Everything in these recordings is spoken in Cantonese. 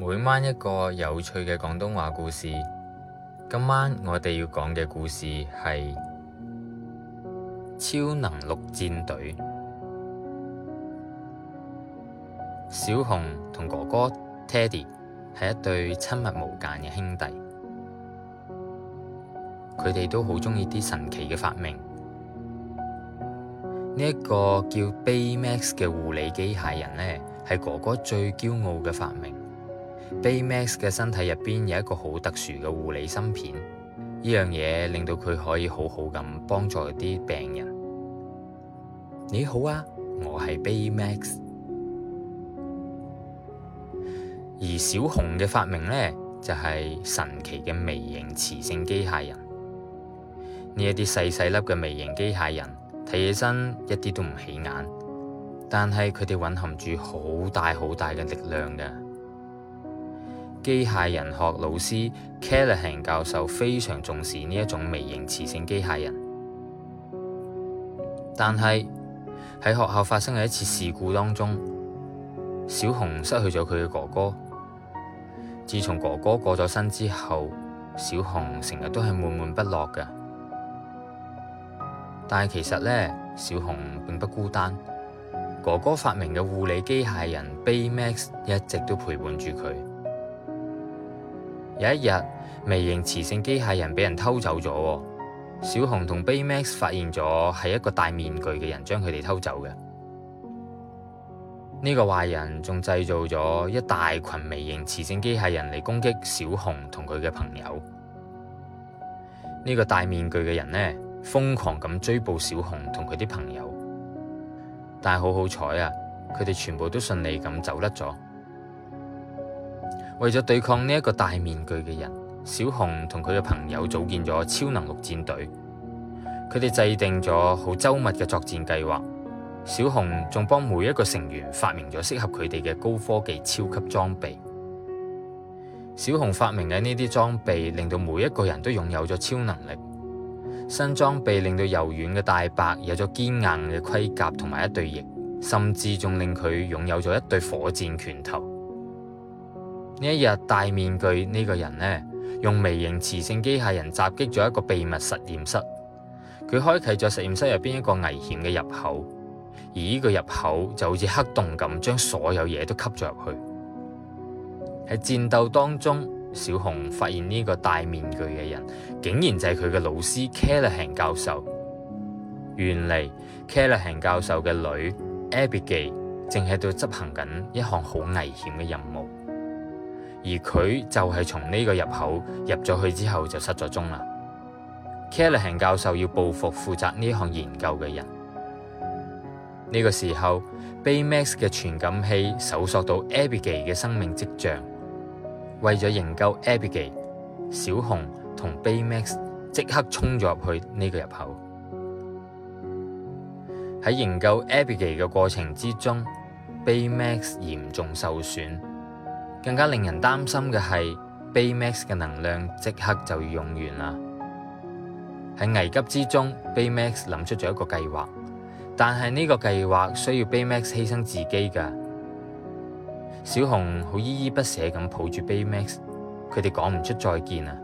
每晚一個有趣嘅廣東話故事。今晚我哋要講嘅故事係《超能陸戰隊》。小紅同哥哥 Teddy 係一對親密無間嘅兄弟，佢哋都好鍾意啲神奇嘅發明。呢、這、一個叫 Baymax 嘅護理機械人呢，係哥哥最驕傲嘅發明。Baymax 嘅身體入邊有一個好特殊嘅護理芯片，呢樣嘢令到佢可以好好咁幫助啲病人。你好啊，我係 Baymax。而小紅嘅發明呢，就係神奇嘅微型磁性機械人。呢一啲細細粒嘅微型機械人睇起身一啲都唔起眼，但係佢哋蘊含住好大好大嘅力量嘅。機械人學老師 Callahan 教授非常重視呢一種微型磁性機械人，但係喺學校發生嘅一次事故當中，小紅失去咗佢嘅哥哥。自從哥哥過咗身之後，小紅成日都係悶悶不樂嘅。但係其實呢，小紅並不孤單，哥哥發明嘅護理機械人 Baymax 一直都陪伴住佢。有一日，微型磁性機械人俾人偷走咗。小紅同 Baymax 發現咗係一個戴面具嘅人將佢哋偷走嘅。呢個壞人仲製造咗一大群微型磁性機械人嚟攻擊小紅同佢嘅朋友。呢個戴面具嘅人呢，瘋狂咁追捕小紅同佢啲朋友，但係好好彩啊，佢哋全部都順利咁走甩咗。為咗對抗呢個戴面具嘅人，小紅同佢嘅朋友組建咗超能陸戰隊。佢哋制定咗好周密嘅作戰計劃。小紅仲幫每一個成員發明咗適合佢哋嘅高科技超級裝備。小紅發明嘅呢啲裝備令到每一個人都擁有咗超能力。新裝備令到柔軟嘅大白有咗堅硬嘅盔甲同埋一對翼，甚至仲令佢擁有咗一對火箭拳頭。呢一日，戴面具呢個人呢，用微型磁性機械人襲擊咗一個秘密實驗室。佢開啟咗實驗室入邊一個危險嘅入口，而呢個入口就好似黑洞咁，將所有嘢都吸咗入去。喺戰鬥當中，小紅發現呢個戴面具嘅人竟然就係佢嘅老師 Callahan 教授。原來 Callahan 教授嘅女 Abigail 正喺度執行緊一項好危險嘅任務。而佢就係從呢個入口入咗去之後就失咗蹤啦。Callaghan 教授要報復負責呢項研究嘅人。呢個時候，Baymax 嘅傳感器搜索到 Abigail 的生命跡象，為咗營救 Abigail，小紅同 Baymax 即刻衝咗入去呢個入口。喺營救 Abigail 嘅過程之中，Baymax 嚴重受損。更加令人擔心嘅係 Baymax 嘅能量即刻就要用完喇。喺危急之中 Baymax 諗出咗一個計劃，但係呢個計劃需要 Baymax 犧牲自己嘅。小紅好依依不捨咁抱住 Baymax，佢哋講唔出再見啊。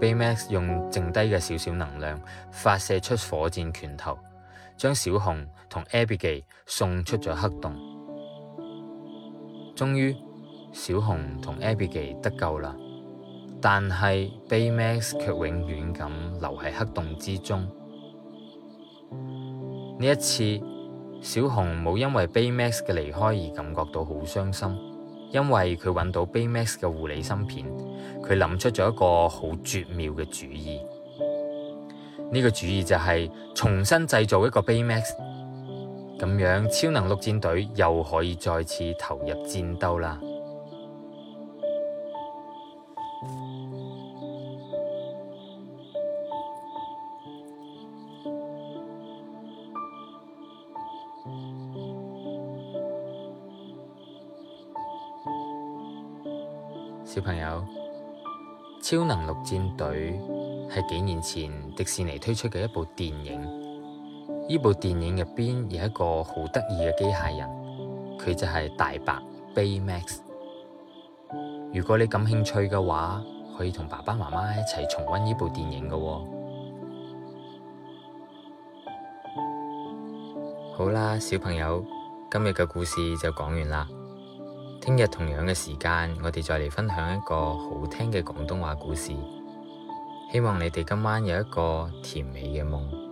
Baymax 用剩低嘅少少能量，發射出火箭拳頭，將小紅同 Abigail 寄送出咗黑洞。終於，小紅同 Abigail 得救啦，但係 Baymax 卻永遠咁留喺黑洞之中。呢一次，小紅冇因為 Baymax 嘅離開而感覺到好傷心，因為佢揾到 Baymax 嘅護理芯片，佢諗出咗一個好絕妙嘅主意。呢個主意就係重新製造一個 Baymax。噉樣，超能陸戰隊又可以再次投入戰鬥啦！小朋友，超能陸戰隊係幾年前迪士尼推出嘅一部電影。呢部電影入邊有一個好得意嘅機械人，佢就係大白 Baymax。如果你感興趣嘅話，可以同爸爸媽媽一齊重溫呢部電影嘅喔。好啦，小朋友，今日嘅故事就講完啦。聽日同樣嘅時間，我哋再嚟分享一個好聽嘅廣東話故事。希望你哋今晚有一個甜美嘅夢。